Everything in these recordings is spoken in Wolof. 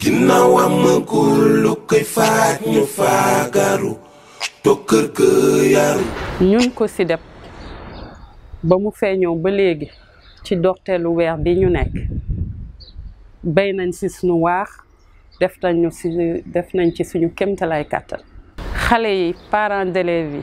ginnaaw amagul lu faat ñu faagaru toog kër ga ñun ko ci deb ba mu feeñoo ba léegi ci doxteelu weer bi ñu nekk bey nañ ci suñu waax def nañ ci def nañ ci suñu kéemtalaay kàttan xale yi parents d'élèves yi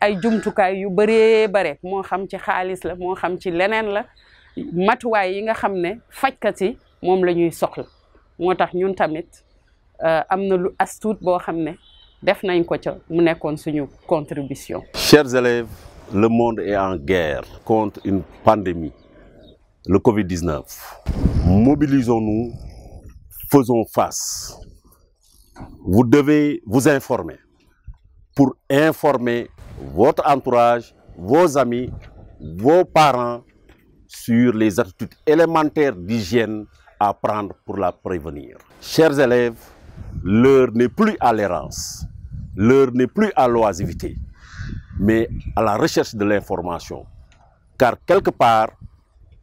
ay jumtukaay yu bëree bare moo xam ci xaalis la moo xam ci leneen la matuwaay yi nga xam ne fajkat yi moom la ñuy soxla moo tax ñun tamit euh, am na lu astuut boo xam ne def nañ ko ca mu nekkoon suñu contribution. Chers élèves, le monde est en guerre contre une pandémie, le Covid-19. Mobilisons-nous, faisons face. Vous devez vous informer pour informer votre entourage, vos amis, vos parents sur les attitudes élémentaires d'hygiène à prendre pour la prévenir. Chers élèves, l'heure n'est plus à l'errance, l'heure n'est plus à l'oisivité, mais à la recherche de l'information. Car quelque part,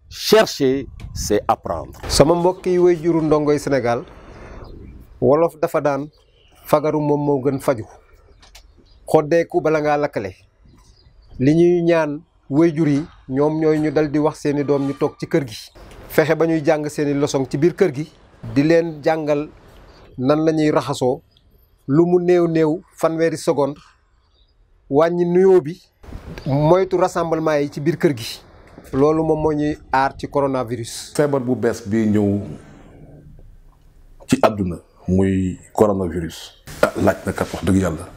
chercher, c'est apprendre. Sénégal wolof ku bala nga lakkale li ñuy ñaan wayjuri ñom ñoy ñu daldi wax seeni doom ñu tok ci kër gi fexé ba ñuy neu seeni leçon ci biir kër gi di leen jangal nan lañuy raxaso lu mu neew néew fanweeri seconde wañi nuyo bi moytu rassemblement yi ci biir kër gi lolu mom mo ñuy ar ci coronavirus feebar bu bes bi ñew ci aduna muy coronavirus ah, laaj na kat wax deug yalla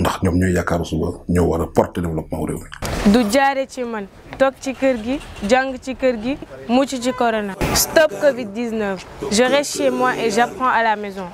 ndax ñom ñoy yaakaaru suba ñoo wara porter développement réew mi. du jaaré ci man tok ci kër gi jang ci kër gi mucc ci corona. stop Covid 19 je reste chez moi et j'apprends à la maison.